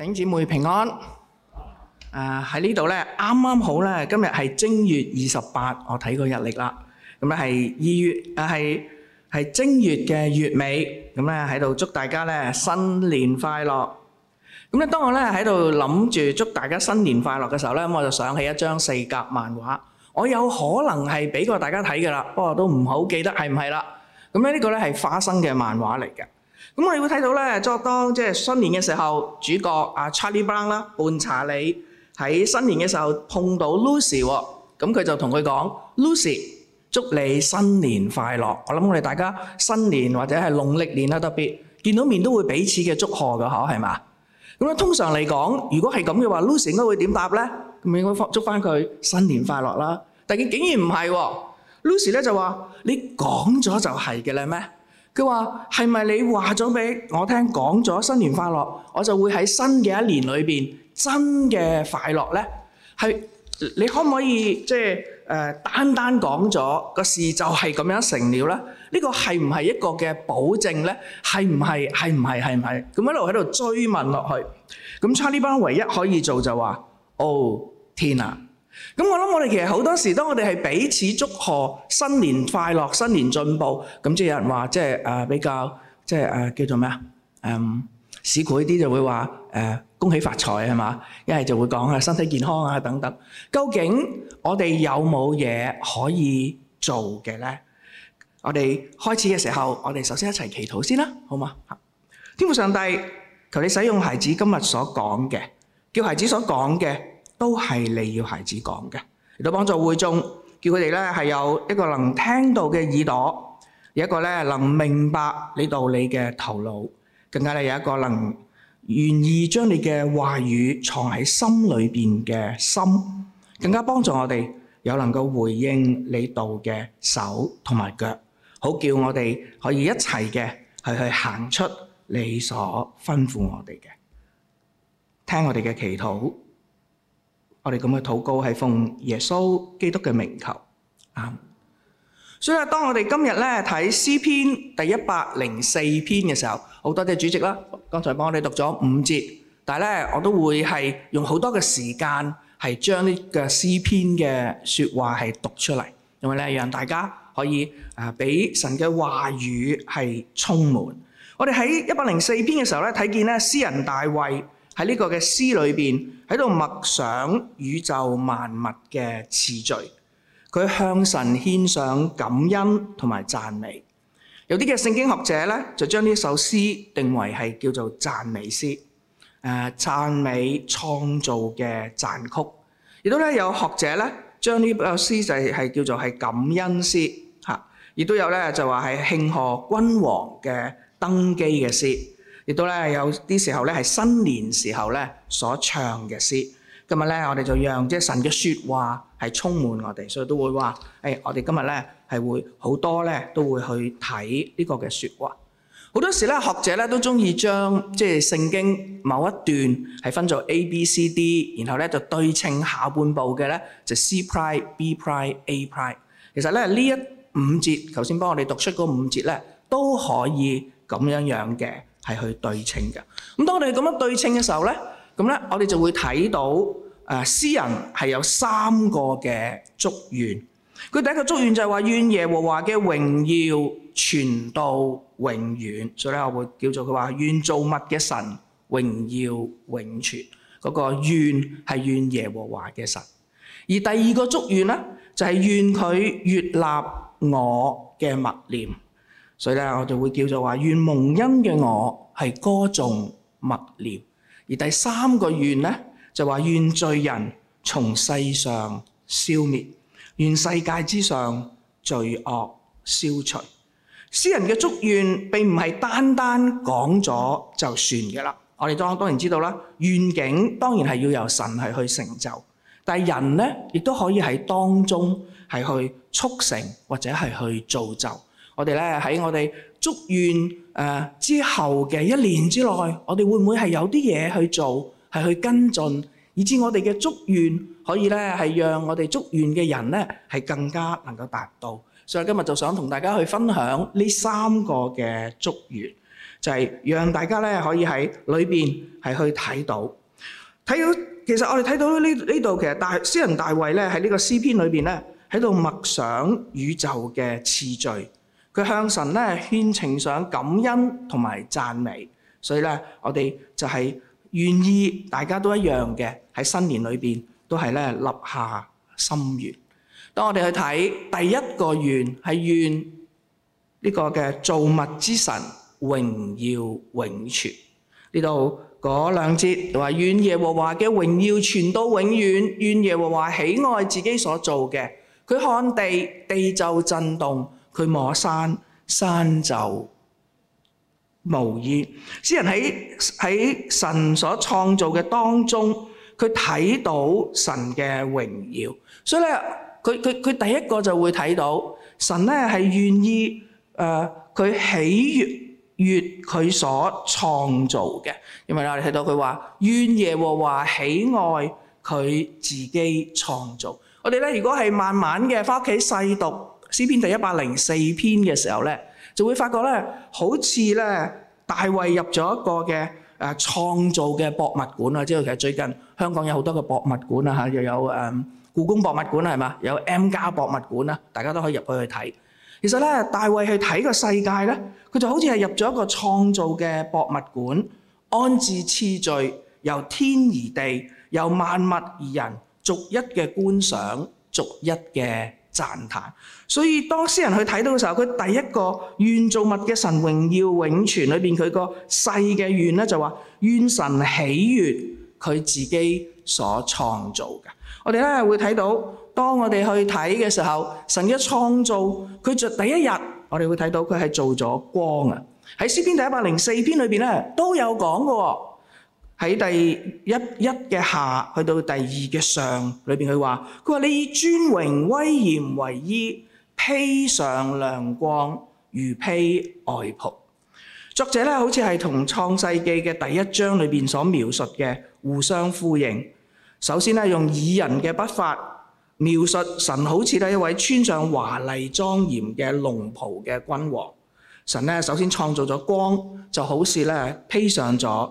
.兄姐妹平安，啊喺呢度咧，啱啱好咧，今日係正月二十八，我睇過日曆啦。咁咧係二月啊，係係正月嘅月尾，咁咧喺度祝大家咧新年快樂。咁咧，當我咧喺度諗住祝大家新年快樂嘅時候咧，咁我就想起一張四格漫畫，我有可能係俾過大家睇噶啦，不過都唔好記得係唔係啦。咁咧呢個咧係花生嘅漫畫嚟嘅。咁我哋會睇到呢，作當即係新年嘅時候，主角阿 Charlie Brown 啦，伴查理喺新年嘅時候碰到 Lucy 喎，咁佢就同佢講：Lucy，祝你新年快樂。我諗我哋大家新年或者係農曆年啊，特別見到面都會彼此嘅祝賀㗎。可係咪？咁啊，通常嚟講，如果係咁嘅話，Lucy 應該會點答呢？咁應該復祝返佢新年快樂啦。但係佢竟然唔係喎，Lucy 呢就話：你講咗就係嘅啦咩？佢話：係咪你話咗畀我聽，講咗新年快樂，我就會喺新嘅一年裏面真嘅快樂呢？係你可唔可以即係誒單單講咗個事就係咁樣成了呢？呢、這個係唔係一個嘅保證呢？係唔係？係唔係？係唔係？係唔係？咁一路喺度追問落去，咁差呢班唯一可以做就話、是：哦天啊！咁我諗我哋其實好多時，當我哋係彼此祝賀新年快樂、新年進步，咁即係有人話即係誒比較即係誒叫做咩啊？嗯，市儈啲就會話誒恭喜發財係嘛，一係就會講啊身體健康啊等等。究竟我哋有冇嘢可以做嘅咧？我哋開始嘅時候，我哋首先一齊祈禱先啦，好嘛？天父上帝，求你使用孩子今日所講嘅，叫孩子所講嘅。都係你要孩子講嘅，嚟到幫助會眾，叫佢哋咧係有一個能聽到嘅耳朵，有一個咧能明白你道理嘅頭腦，更加咧有一個能願意將你嘅話語藏喺心裏面嘅心，更加幫助我哋有能夠回應你道理嘅手同埋腳，好叫我哋可以一齊嘅係去行出你所吩咐我哋嘅，聽我哋嘅祈禱。我哋咁去禱告係奉耶穌基督嘅名求，阿們。所以當我哋今日呢睇，詩篇第一百零四篇嘅時候，好多謝主席啦，剛才幫我哋讀咗五節，但係呢，我都會係用好多嘅時間係將呢個詩篇嘅說話係讀出嚟。因為呢，讓大家可以啊俾神嘅話語係充滿。我哋喺一百零四篇嘅時候呢，睇見呢詩人大衛。喺呢個嘅詩裏邊，喺度默想宇宙萬物嘅次序，佢向神獻上感恩同埋讚美。有啲嘅聖經學者咧，就將呢首詩定為係叫做讚美詩，誒讚美創造嘅讚曲。亦都咧有學者咧，將呢個詩就係係叫做係感恩詩吓，亦都有咧就話係慶賀君王嘅登基嘅詩。亦都咧有啲時候咧係新年時候咧所唱嘅詩。今日咧，我哋就讓即係神嘅説話係充滿我哋，所以都會話：誒，我哋今日咧係會好多咧都會去睇呢個嘅説話。好多時咧，學者咧都中意將即係聖經某一段係分做 A、B、C、D，然後咧就對稱下半部嘅咧就 C prime、B prime、A prime。其實咧呢一五節，頭先幫我哋讀出嗰五節咧都可以咁樣樣嘅。係去對稱嘅。咁當我哋咁樣對稱嘅時候咧，咁咧我哋就會睇到，誒，詩人係有三個嘅祝願。佢第一個祝願就係話，願耶和華嘅榮耀傳到永遠，所以咧我會叫做佢話，願造物嘅神榮耀永存。嗰、那個願係願耶和華嘅神。而第二個祝願咧就係願佢悅納我嘅默念。所以呢，我哋會叫做話願蒙恩嘅我係歌頌默念，而第三個願呢，就話願罪人從世上消滅，願世界之上罪惡消除。詩人嘅祝願並唔係單單講咗就算嘅啦。我哋當然知道啦，願景當然係要由神係去成就，但係人呢，亦都可以喺當中係去促成或者係去造就。我哋咧，喺我哋祝願誒之後嘅一年之內，我哋會唔會係有啲嘢去做，係去跟進，以致我哋嘅祝願可以咧係讓我哋祝願嘅人咧係更加能夠達到。所以今日就想同大家去分享呢三個嘅祝願，就係讓大家咧可以喺裏邊係去睇到，睇到其實我哋睇到呢呢度其實大詩人大衛咧喺呢個詩篇裏邊咧喺度默想宇宙嘅次序。佢向神咧，獻呈上感恩同埋讚美，所以咧，我哋就係願意，大家都一樣嘅喺新年裏邊都係咧立下心願。當我哋去睇第一個願，係願呢個嘅造物之神榮耀永存，呢度嗰兩節話，願耶和華嘅榮耀傳到永遠，願耶和華喜愛自己所做嘅。佢看地，地就震動。佢摸山，山就冒煙。詩人喺喺神所創造嘅當中，佢睇到神嘅榮耀。所以咧，佢佢佢第一個就會睇到神咧係願意誒，佢喜悅悅佢所創造嘅。因為啦，你睇到佢話願耶和華喜愛佢自己創造。我哋咧如果係慢慢嘅，翻屋企細讀。詩篇第一百零四篇嘅時候呢，就會發覺呢，好似呢大衛入咗一個嘅誒創造嘅博物館啊！知道其實最近香港有好多個博物館啊嚇，又有故宮博物館係嘛？有 M+ 博物館啊，大家都可以入去去睇。其實呢，大衛去睇個世界呢，佢就好似係入咗一個創造嘅博物館，安置次序由天而地，由萬物而人，逐一嘅觀賞，逐一嘅。讚嘆，所以當詩人去睇到嘅時候，佢第一個願造物嘅神榮耀永存裏邊，佢個細嘅願咧就話，願神喜悅佢自己所創造嘅。我哋咧會睇到，當我哋去睇嘅時候，神一創造，佢就第一日，我哋會睇到佢係做咗光啊。喺詩篇第一百零四篇裏邊咧都有講噶、哦。喺第一一嘅下去到第二嘅上裏面他說，佢話：佢話你以尊榮威嚴為衣，披上亮光，如披外袍。作者呢好似係同創世記嘅第一章裏面所描述嘅互相呼應。首先呢，用以人嘅筆法描述神，好似係一位穿上華麗莊嚴嘅龍袍嘅君王。神呢首先創造咗光，就好似呢披上咗。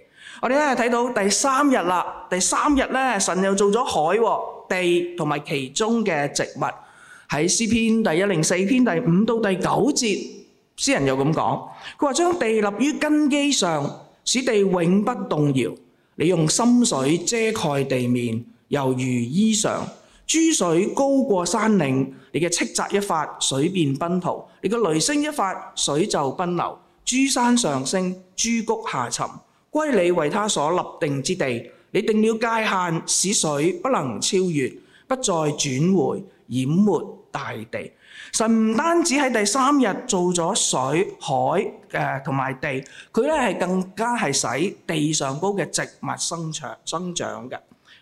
我哋咧睇到第三日啦，第三日呢，神又做咗海、哦、地同埋其中嘅植物，喺詩篇第一零四篇第五到第九節，詩人又咁講，佢話將地立於根基上，使地永不動搖。你用深水遮蓋地面，猶如衣裳；諸水高過山嶺，你嘅斥責一發，水便奔逃；你嘅雷聲一發，水就奔流；諸山上升，諸谷下沉。歸你為他所立定之地，你定了界限，使水不能超越，不再轉回淹沒大地。神唔單止喺第三日做咗水、海誒同埋地，佢咧係更加係使地上高嘅植物生長，生長嘅。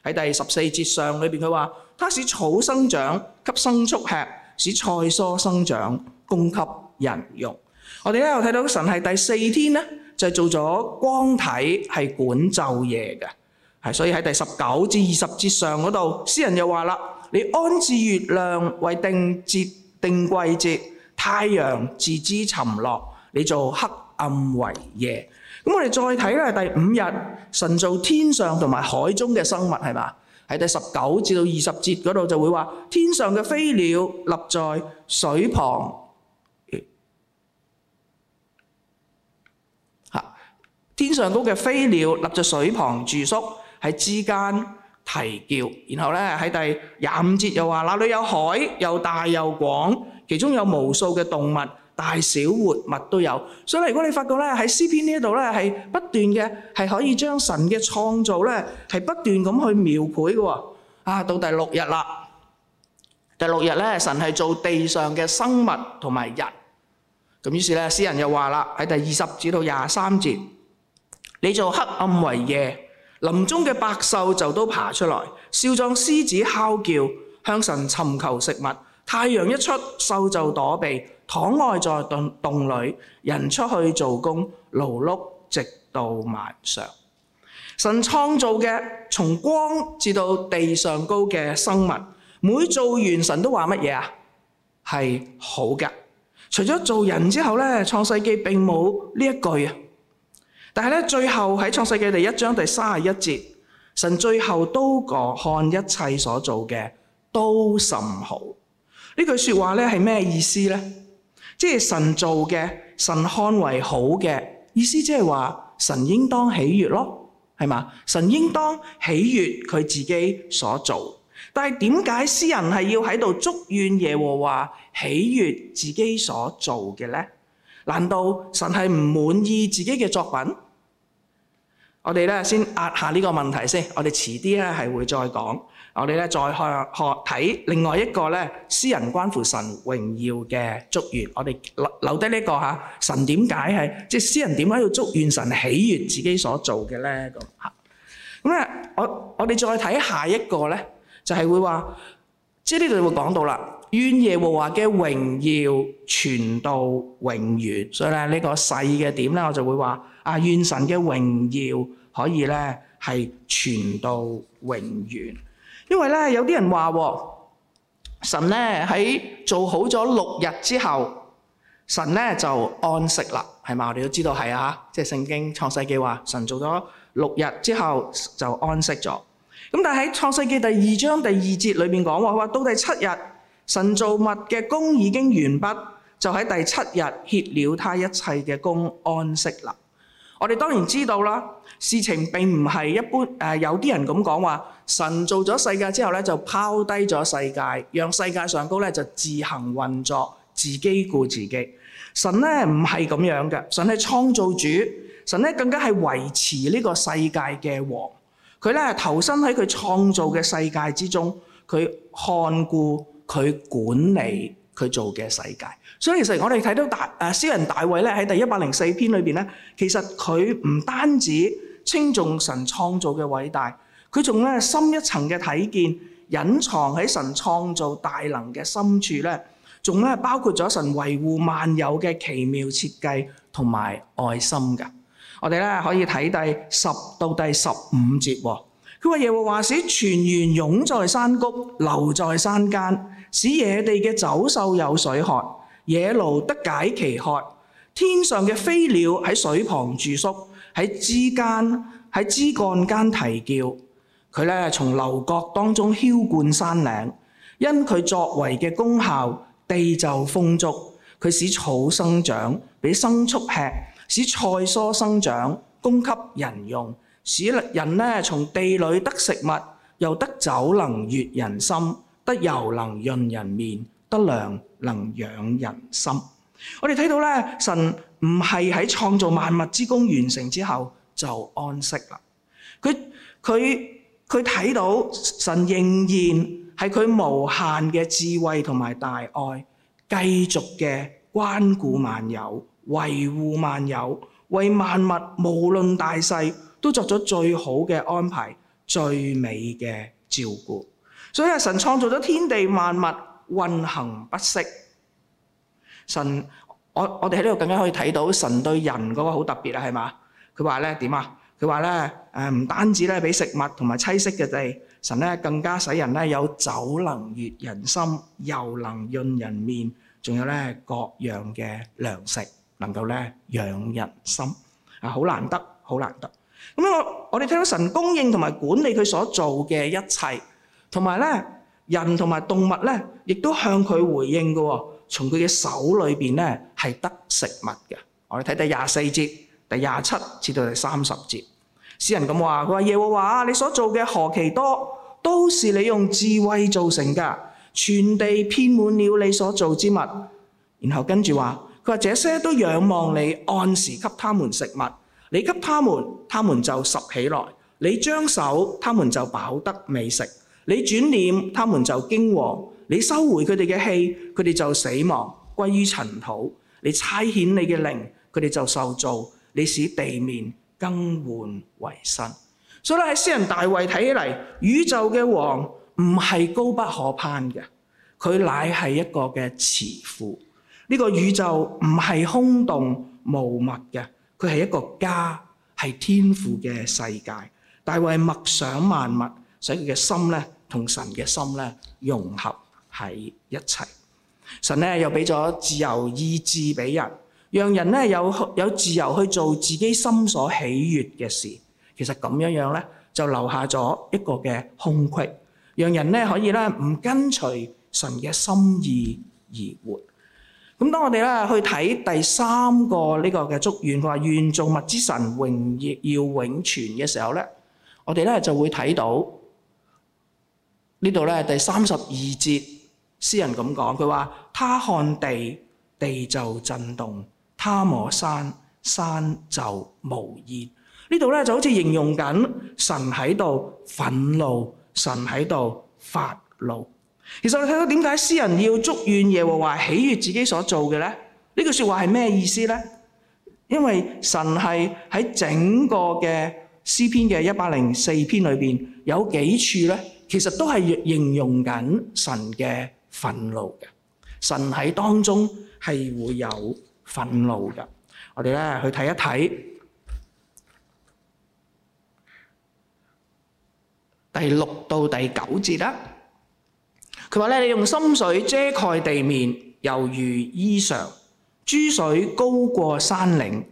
喺第十四節上裏邊佢話：他使草生長，給牲畜吃；使菜蔬生長，供給人用。我哋咧又睇到神係第四天咧，就係做咗光體係管晝夜嘅，係所以喺第十九至二十節上嗰度，詩人又話啦：你安置月亮為定節定季節，太陽自知沉落，你做黑暗為夜。咁我哋再睇咧，第五日神造天上同埋海中嘅生物，係嘛？喺第十九至到二十節嗰度就會話：天上嘅飛鳥立在水旁。天上高嘅飛鳥立在水旁住宿，喺之間啼叫。然後咧喺第廿五節又話：那裡有海，又大又廣，其中有無數嘅動物，大小活物都有。所以如果你發覺咧喺詩篇呢一度咧係不斷嘅係可以將神嘅創造咧係不斷咁去描繪嘅喎。啊，到第六日啦，第六日咧神係做地上嘅生物同埋人。咁於是咧詩人又話啦，喺第二十節到廿三節。你做黑暗為夜，林中嘅百獸就都爬出來，少壯獅子吼叫，向神尋求食物。太陽一出，獸就躲避，躺臥在洞裏。人出去做工，勞碌直到晚上。神創造嘅從光至到地上高嘅生物，每做完神都話乜嘢啊？係好㗎。除咗做人之後呢，創世記並冇呢一句但係咧，最後喺創世紀第一章第三十一節，神最後都覺看一切所做嘅都甚好。呢句說話咧係咩意思咧？即係神做嘅，神看為好嘅意思，即係話神應當喜悦咯，係嘛？神應當喜悦佢自己所做。但係點解詩人係要喺度祝願耶和華喜悦自己所做嘅咧？難道神係唔滿意自己嘅作品？我哋咧先壓下呢個問題先，我哋遲啲咧係會再講。我哋咧再學學睇另外一個咧，詩人關乎神榮耀嘅祝願。我哋留留低呢個吓，神點解係即係詩人點解要祝願神喜悅自己所做嘅咧？咁吓咁咧，我我哋再睇下一個咧，就係、是、會話，即係呢度會講到啦。願耶和華嘅榮耀傳到永遠，所以咧呢、這個細嘅點咧，我就會話啊，願神嘅榮耀可以咧係傳到永遠。因為咧有啲人話、哦，神咧喺做好咗六日之後，神咧就安息啦，係嘛？我哋都知道係啊，即係聖經創世紀話，神做咗六日之後就安息咗。咁但係喺創世紀第二章第二節裏面講，話到第七日。神造物嘅功已經完畢，就喺第七日歇了他一切嘅功安息啦。我哋當然知道啦，事情並唔係一般，誒，有啲人咁講話，神做咗世界之後咧就拋低咗世界，讓世界上高咧就自行運作，自己顧自己。神咧唔係咁樣嘅，神係創造主，神咧更加係維持呢個世界嘅王，佢咧投身喺佢創造嘅世界之中，佢看顧，佢管理佢做嘅世界，所以其實我哋睇到大誒、啊、詩人大衛咧喺第一百零四篇裏邊咧，其實佢唔單止稱頌神創造嘅偉大，佢仲咧深一層嘅睇見，隱藏喺神創造大能嘅深處咧，仲咧包括咗神維護萬有嘅奇妙設計同埋愛心㗎。我哋咧可以睇第十到第十五節喎。佢話：他說耶和華使泉源湧在山谷，流在山間，使野地嘅走獸有水喝，野驢得解其渴。天上嘅飛鳥喺水旁住宿，喺枝間，喺枝幹間啼叫。佢呢從樓閣當中澆灌山嶺，因佢作為嘅功效，地就豐足。佢使草生長，俾牲畜吃，使菜蔬生長，供給人用。使人呢，從地裏得食物，又得酒，能悅人心；得油，能潤人面；得糧，能養人心。我哋睇到咧，神唔係喺創造萬物之功完成之後就安息啦。佢佢佢睇到神仍然係佢無限嘅智慧同埋大愛，繼續嘅關顧萬有、維護萬有、為萬物無論大細。都作咗最好嘅安排，最美嘅照顧。所以啊，神創造咗天地萬物運行不息。神我我哋喺呢度更加可以睇到神對人嗰個好特別啦，係嘛？佢話咧點啊？佢話咧誒唔單止咧俾食物同埋棲息嘅地，神咧更加使人咧有酒能悅人心，又能潤人面，仲有咧各樣嘅糧食能夠咧養人心啊！好難得好難得。咁我我哋睇到神供應同埋管理佢所做嘅一切，同埋咧人同埋動物咧，亦都向佢回應嘅，哦。從佢嘅手裏面咧係得食物嘅。我哋睇第廿四節、第廿七至到第三十節，詩人咁話：佢話耶和華你所做嘅何其多，都是你用智慧造成㗎，全地遍滿了你所做之物。然後跟住話：佢話這些都仰望你，按時給他們食物。你給他們，他們就拾起來；你張手，他們就飽得美食；你轉臉，他們就驚惶；你收回佢哋嘅氣，佢哋就死亡歸於塵土；你差遣你嘅靈，佢哋就受造；你使地面更換為新。所以咧喺詩人大衛睇起嚟，宇宙嘅王唔係高不可攀嘅，佢乃係一個嘅慈父。呢、這個宇宙唔係空洞無物嘅。佢係一個家，係天父嘅世界，大衛默想萬物，使佢嘅心咧同神嘅心咧融合喺一齊。神咧又俾咗自由意志俾人，讓人咧有有自由去做自己心所喜悅嘅事。其實咁樣樣咧就留下咗一個嘅空隙，讓人咧可以咧唔跟隨神嘅心意而活。當當我哋去睇第三個呢個嘅祝願，佢話願造物之神，永要永存嘅時候，我哋就會睇到呢度咧第三十二節，詩人咁講，佢話他看地，地就震動；他摸山，山就冒煙。呢度就好似形容緊神喺度憤怒，神喺度發怒。其實我睇到點解詩人要祝願耶和華喜悦自己所做嘅咧？呢句說話係咩意思咧？因為神係喺整個嘅詩篇嘅一百零四篇裏面有幾處咧，其實都係形容緊神嘅憤怒嘅。神喺當中係會有憤怒嘅。我哋咧去睇一睇第六到第九節啊！佢話咧：你用深水遮蓋地面，猶如衣裳；諸水高過山嶺，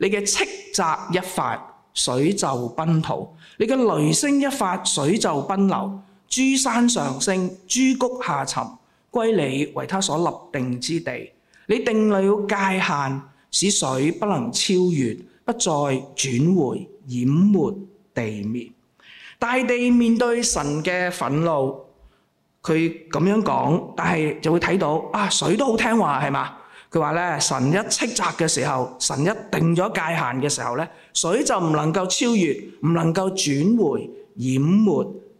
你嘅斥責一發，水就奔逃；你嘅雷聲一發，水就奔流。諸山上升，諸谷下沉，歸你為他所立定之地。你定了界限，使水不能超越，不再轉回，淹沒地面。大地面對神嘅憤怒。佢咁樣講，但係就會睇到啊，水都好聽話係咪？佢話呢，神一斥責嘅時候，神一定咗界限嘅時候呢，水就唔能夠超越，唔能夠轉回淹沒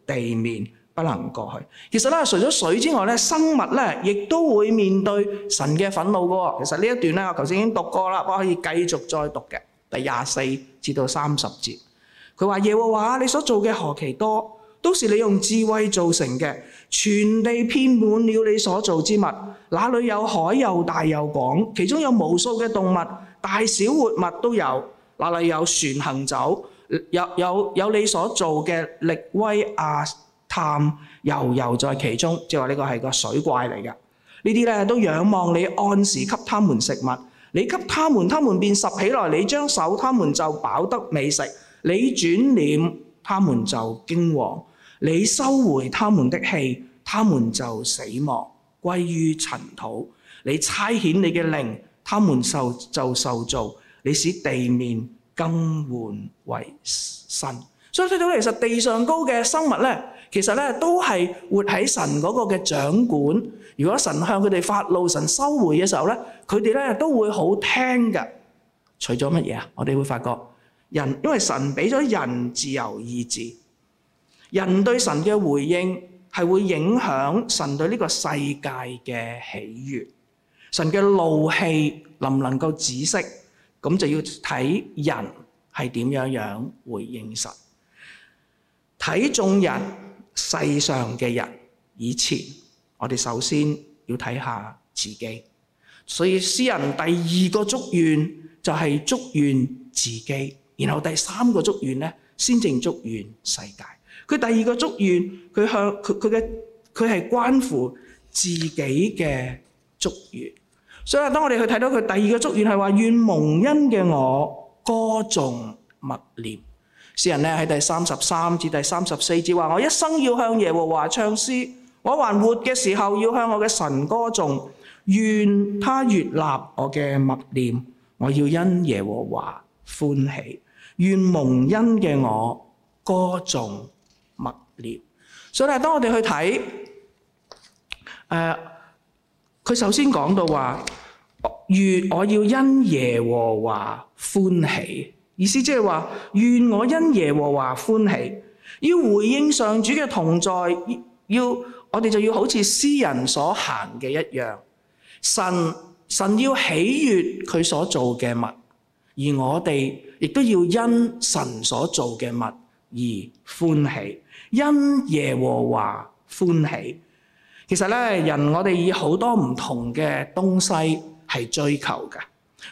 地面，不能過去。其實呢，除咗水之外呢，生物呢亦都會面對神嘅憤怒嘅。其實呢一段呢，我頭先已經讀過啦，我可以繼續再讀嘅，第廿四至到三十節。佢話耶和華，你所做嘅何其多，都是你用智慧造成嘅。全地遍滿了你所做之物，那裏有海又大又廣，其中有無數嘅動物，大小活物都有，那裏有船行走，有有有你所做嘅力威亞探遊遊在其中，即係話呢個係個水怪嚟嘅。這些呢啲咧都仰望你，按時給他們食物，你給他們，他們便拾起來，你張手，他們就飽得美食，你轉臉，他們就驚惶。你收回他們的氣，他們就死亡，歸於塵土；你差遣你嘅靈，他們受就受造。你使地面更換為新。所以睇到其實地上高嘅生物咧，其實咧都係活喺神嗰個嘅掌管。如果神向佢哋發怒，神收回嘅時候咧，佢哋咧都會好聽嘅。除咗乜嘢啊？我哋會發覺人，因為神畀咗人自由意志。人對神嘅回應係會影響神對呢個世界嘅喜悅，神嘅怒氣能唔能夠止息，咁就要睇人係點樣樣回應神。睇眾人，世上嘅人以前，我哋首先要睇下自己，所以詩人第二個祝願就係祝願自己，然後第三個祝願咧先正祝願世界。佢第二個祝願，佢向佢佢嘅佢係關乎自己嘅祝願，所以當我哋去睇到佢第二個祝願係話願蒙恩嘅我歌頌默念，詩人咧喺第三十三至第三十四節話，我一生要向耶和華唱詩，我還活嘅時候要向我嘅神歌頌，願他悦納我嘅默念，我要因耶和華歡喜，願蒙恩嘅我歌頌。所以當我哋去睇，佢、呃、首先講到話，願我要因耶和華歡喜，意思即係話，願我因耶和華歡喜，要回應上主嘅同在，要我哋就要好似詩人所行嘅一樣，神神要喜悅佢所做嘅物，而我哋亦都要因神所做嘅物。而歡喜，因耶和華歡喜。其實咧，人我哋以好多唔同嘅東西係追求嘅，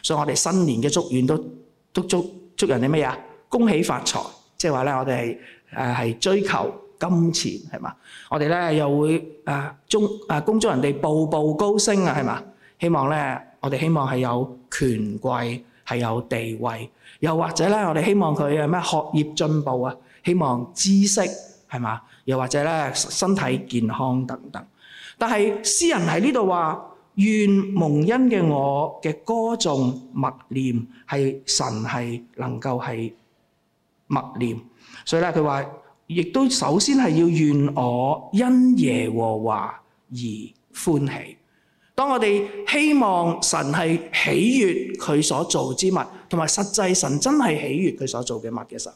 所以我哋新年嘅祝願都都祝祝人哋乜嘢啊？恭喜發財，即係話咧，我哋係誒係追求金錢係嘛？我哋咧又會誒祝誒恭祝人哋步步高升啊，係嘛？希望咧，我哋希望係有權貴，係有地位，又或者咧，我哋希望佢係咩學業進步啊？希望知識係咪？又或者咧，身體健康等等。但係詩人喺呢度話：願蒙恩嘅我嘅歌頌默念，係神係能夠係默念。所以咧，佢話：亦都首先係要願我因耶和華而歡喜。當我哋希望神係喜悅佢所做之物，同埋實際神真係喜悅佢所做嘅物嘅時候。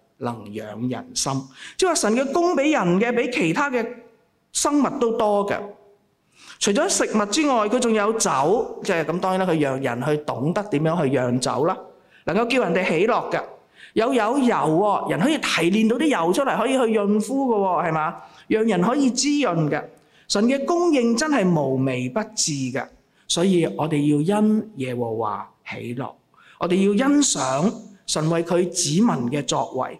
能養人心，即係話神嘅供俾人嘅，比其他嘅生物都多嘅。除咗食物之外，佢仲有酒，即係咁，當然啦，佢讓人去懂得點樣去釀酒啦，能夠叫人哋喜樂嘅。又有，有油，人可以提煉到啲油出嚟，可以去潤膚嘅，係嘛，讓人可以滋潤嘅。神嘅供應真係無微不至嘅，所以我哋要因耶和華喜樂，我哋要欣賞神為佢子民嘅作為。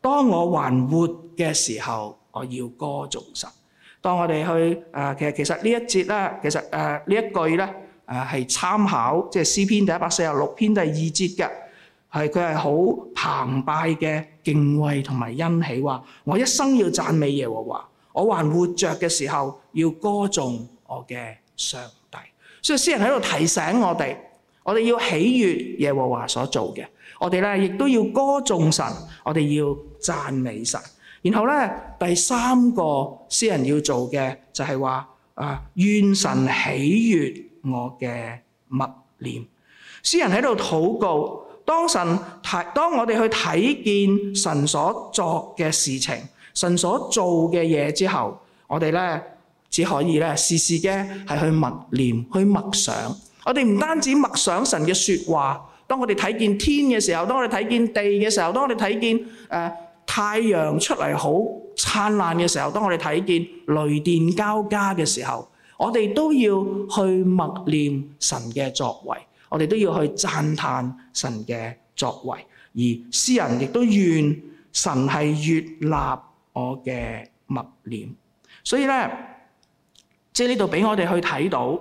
當我還活嘅時候，我要歌頌神。當我哋去，其實其實呢一節呢，其實誒呢一,一句呢誒係參考即係詩篇第一百四十六篇第二節嘅，係佢係好澎湃嘅敬畏同埋欣喜話：我一生要讚美耶和華，我還活着嘅時候要歌頌我嘅上帝。所以詩人喺度提醒我哋。我哋要喜悅耶和華所做嘅，我哋咧亦都要歌頌神，我哋要讚美神。然後咧，第三個詩人要做嘅就係話啊，願神喜悅我嘅默念。詩人喺度禱告，當神睇，當我哋去睇見神所作嘅事情，神所做嘅嘢之後，我哋咧只可以咧時時嘅係去默念，去默想。我哋唔單止默想神嘅說話，當我哋睇見天嘅時候，當我哋睇見地嘅時候，當我哋睇見、呃、太陽出嚟好燦爛嘅時候，當我哋睇見雷電交加嘅時候，我哋都要去默念神嘅作為，我哋都要去讚嘆神嘅作為，而詩人亦都願神係悅納我嘅默念，所以呢，即係呢度俾我哋去睇到。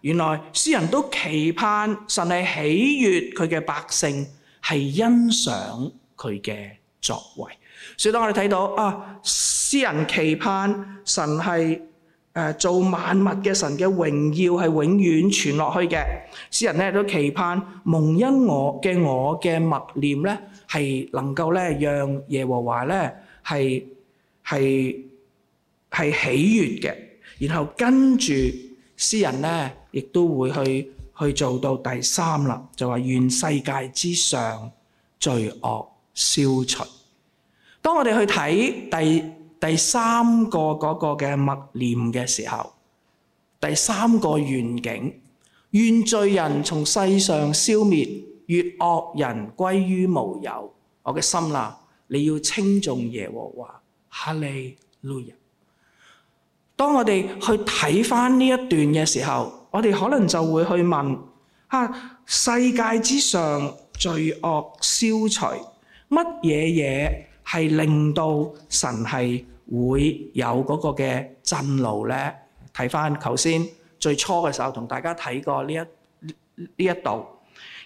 原來詩人都期盼神係喜悅佢嘅百姓，係欣賞佢嘅作為。所以當我哋睇到啊，詩人期盼神係誒、呃、做萬物嘅神嘅榮耀係永遠傳落去嘅。詩人咧都期盼蒙恩我嘅我嘅默念咧係能夠咧讓耶和華咧係係係喜悅嘅，然後跟住。詩人呢，亦都會去去做到第三啦，就話願世界之上罪惡消除。當我哋去睇第第三個嗰個嘅默念嘅時候，第三個願景，願罪人從世上消滅，願惡人歸於無有。我嘅心啦，你要稱頌耶和華，哈利路亞。當我哋去睇翻呢一段嘅時候，我哋可能就會去問：嚇、啊、世界之上罪惡消除，乜嘢嘢係令到神係會有嗰個嘅震怒咧？睇翻頭先最初嘅時候同大家睇過呢一呢一度，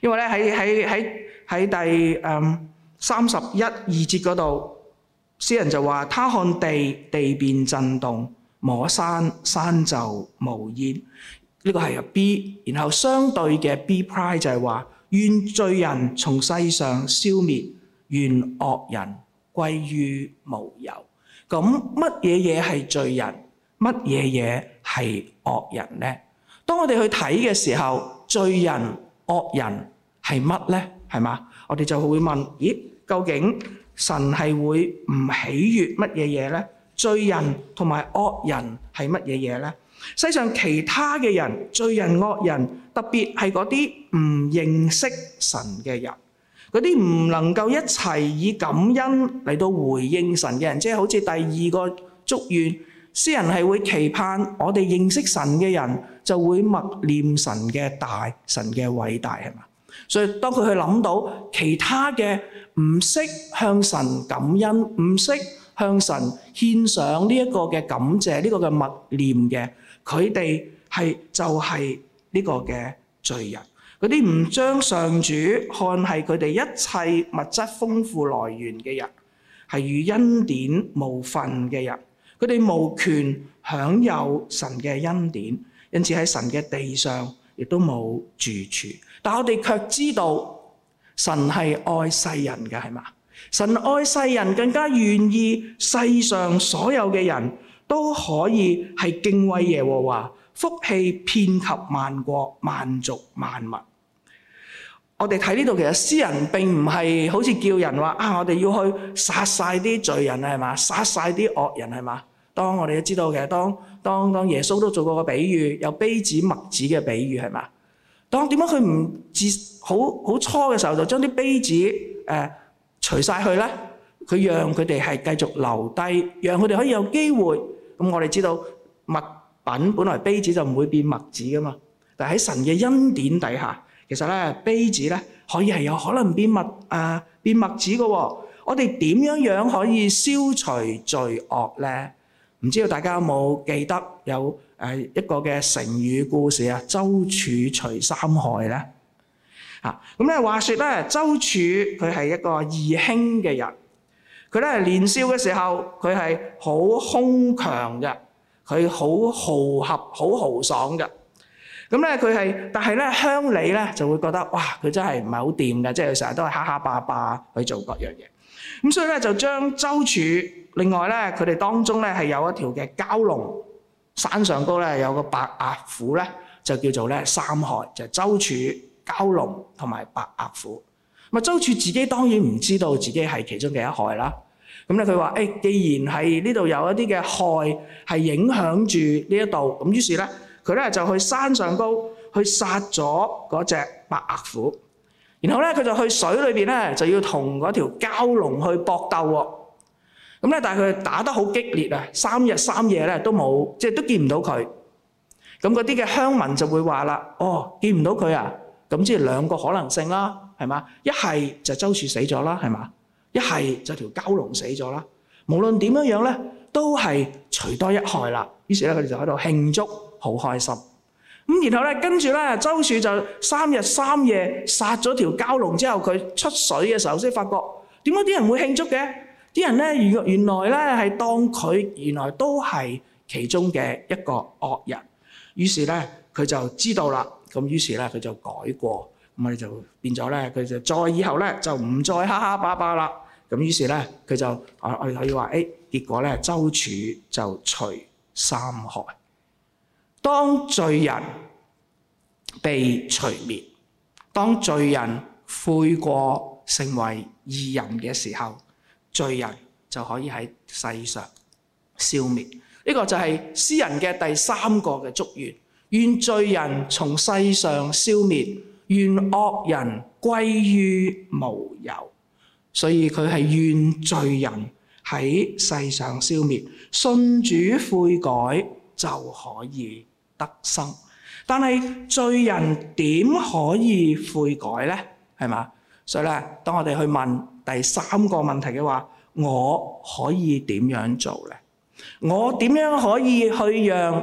因為咧喺喺喺喺第、嗯、三十一二節嗰度，詩人就話：他看地，地便震動。摸山山就冒煙，這個係 b 然後相對的 B pray 就係話，願罪人從世上消滅，願惡人歸於無有。咁乜嘢嘢係罪人？乜嘢嘢係惡人呢？當我哋去睇嘅時候，罪人惡人係乜咧？係嘛？我哋就會問：咦，究竟神係會唔喜悅乜嘢嘢咧？罪人同埋惡人係乜嘢嘢呢？世上其他嘅人、罪人惡人，特別係嗰啲唔認識神嘅人，嗰啲唔能夠一齊以感恩嚟到回應神嘅人，即係好似第二個祝願，詩人係會期盼我哋認識神嘅人就會默念神嘅大、神嘅偉大係嘛？所以當佢去諗到其他嘅唔識向神感恩、唔識向神獻上呢一個嘅感謝，呢、這個嘅默念嘅，佢哋係就係、是、呢個嘅罪人。嗰啲唔將上主看係佢哋一切物質豐富來源嘅人，係與恩典無份嘅人，佢哋無權享有神嘅恩典，因此喺神嘅地上亦都冇住處。但我哋卻知道神係愛世人嘅，係嘛？神愛世人，更加願意世上所有嘅人都可以係敬畏耶和華，福氣遍及萬國、萬族、萬物。我哋睇呢度其實詩人並唔係好似叫人話啊，我哋要去殺晒啲罪人係嘛，殺晒啲惡人係嘛。當我哋都知道嘅，其實當當當耶穌都做過個比喻，有稗子、麥子嘅比喻係嘛。當，點解佢唔自好好初嘅時候就將啲稗子誒？呃除去咧，佢讓佢哋係繼續留低，讓佢哋可以有機會。咁我哋知道物品本來杯子就唔會變墨子噶嘛，但喺神嘅恩典底下，其實咧杯子呢可以係有可能變墨、啊、變墨子㗎。哦，我哋點樣樣可以消除罪惡呢？唔知道大家有冇有記得有一個嘅成語故事啊？周處除三害呢。咁咧話說咧，周處佢係一個義興嘅人。佢咧年少嘅時候，佢係好兇強嘅，佢好豪俠、好豪爽嘅。咁咧佢係，但係咧鄉里咧就會覺得哇！佢真係唔係好掂嘅，即係佢成日都係嚇嚇霸霸去做各樣嘢。咁所以咧就將周處另外咧佢哋當中咧係有一條嘅蛟龍，山上高咧有個白額虎咧，就叫做咧三害，就係周處。蛟龍同埋白額虎，咁啊，周處自己當然唔知道自己係其中嘅一害啦。咁咧，佢話：誒，既然係呢度有一啲嘅害係影響住呢一度，咁於是咧，佢咧就去山上高去殺咗嗰隻白額虎，然後咧佢就去水裏邊咧就要同嗰條蛟龍去搏鬥喎。咁咧，但係佢打得好激烈啊，三日三夜咧都冇，即係都見唔到佢。咁嗰啲嘅鄉民就會話啦：哦，見唔到佢啊！咁即係兩個可能性啦，係咪？一係就周處死咗啦，係咪？一係就條蛟龍死咗啦。無論點樣樣咧，都係除多一害啦。於是咧，佢哋就喺度慶祝，好開心。咁然後咧，跟住咧，周處就三日三夜殺咗條蛟龍之後，佢出水嘅時候先發覺，點解啲人會慶祝嘅？啲人咧，原原來咧係當佢原來都係其中嘅一個惡人。於是咧，佢就知道啦。咁於是咧，佢就改過，咁我哋就變咗咧，佢就再以後咧就唔再蝦蝦霸霸啦。咁於是咧，佢就我我哋可以話，誒、哎、結果咧，周處就除三害。當罪人被除滅，當罪人悔過成為義人嘅時候，罪人就可以喺世上消滅。呢、這個就係詩人嘅第三個嘅祝願。願罪人從世上消滅，願惡人歸於無有。所以佢係願罪人喺世上消滅，信主悔改就可以得生。但係罪人點可以悔改呢？係嘛？所以咧，當我哋去問第三個問題嘅話，我可以點樣做咧？我點樣可以去讓？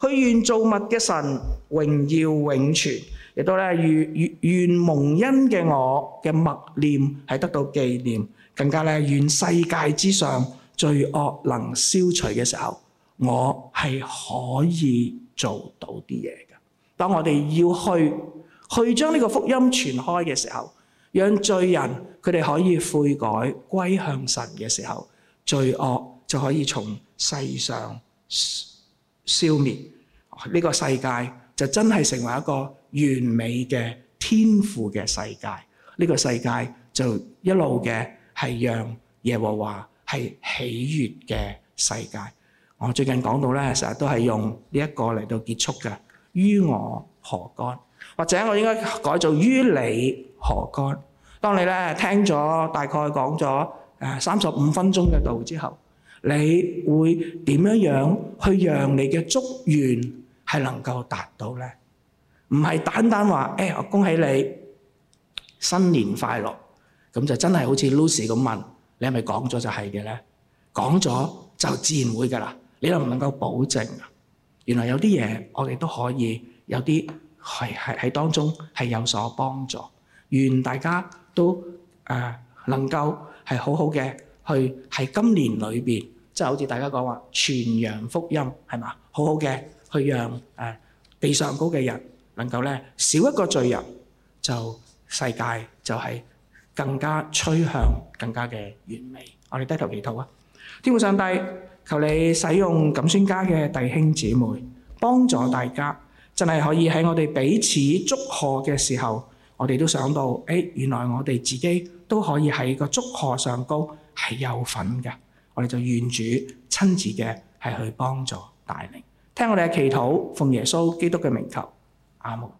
去願造物嘅神榮耀永存，亦都咧願願蒙恩嘅我嘅默念係得到記念，更加咧願世界之上罪惡能消除嘅時候，我係可以做到啲嘢嘅。當我哋要去去將呢個福音傳開嘅時候，讓罪人佢哋可以悔改歸向神嘅時候，罪惡就可以從世上消滅呢、這個世界就真係成為一個完美嘅天父嘅世界，呢、這個世界就一路嘅係讓耶和華係喜悅嘅世界。我最近講到呢，成日都係用呢一個嚟到結束嘅，於我何干？或者我應該改做於你何干？當你呢聽咗大概講咗三十五分鐘嘅道之後。你會點樣樣去讓你嘅祝願係能夠達到呢？唔係單單話，哎、我恭喜你新年快樂，咁就真係好似 Lucy 咁問，你係咪講咗就係嘅呢？講咗就自然會㗎喇。你又唔能夠保證，原來有啲嘢我哋都可以有啲係喺當中係有所幫助。願大家都、呃、能夠係好好嘅去喺今年裏面。即係好似大家講話，全揚福音係嘛？好好嘅，去讓誒地上高嘅人能夠咧少一個罪人，就世界就係更加趨向更加嘅完美。我哋低頭祈禱啊！天父上帝，求你使用錦孫家嘅弟兄姊妹幫助大家，真係可以喺我哋彼此祝賀嘅時候，我哋都想到，誒原來我哋自己都可以喺個祝賀上高係有份嘅。我哋就願主親自嘅係去幫助帶領，聽我哋嘅祈禱，奉耶穌基督嘅名求，阿門。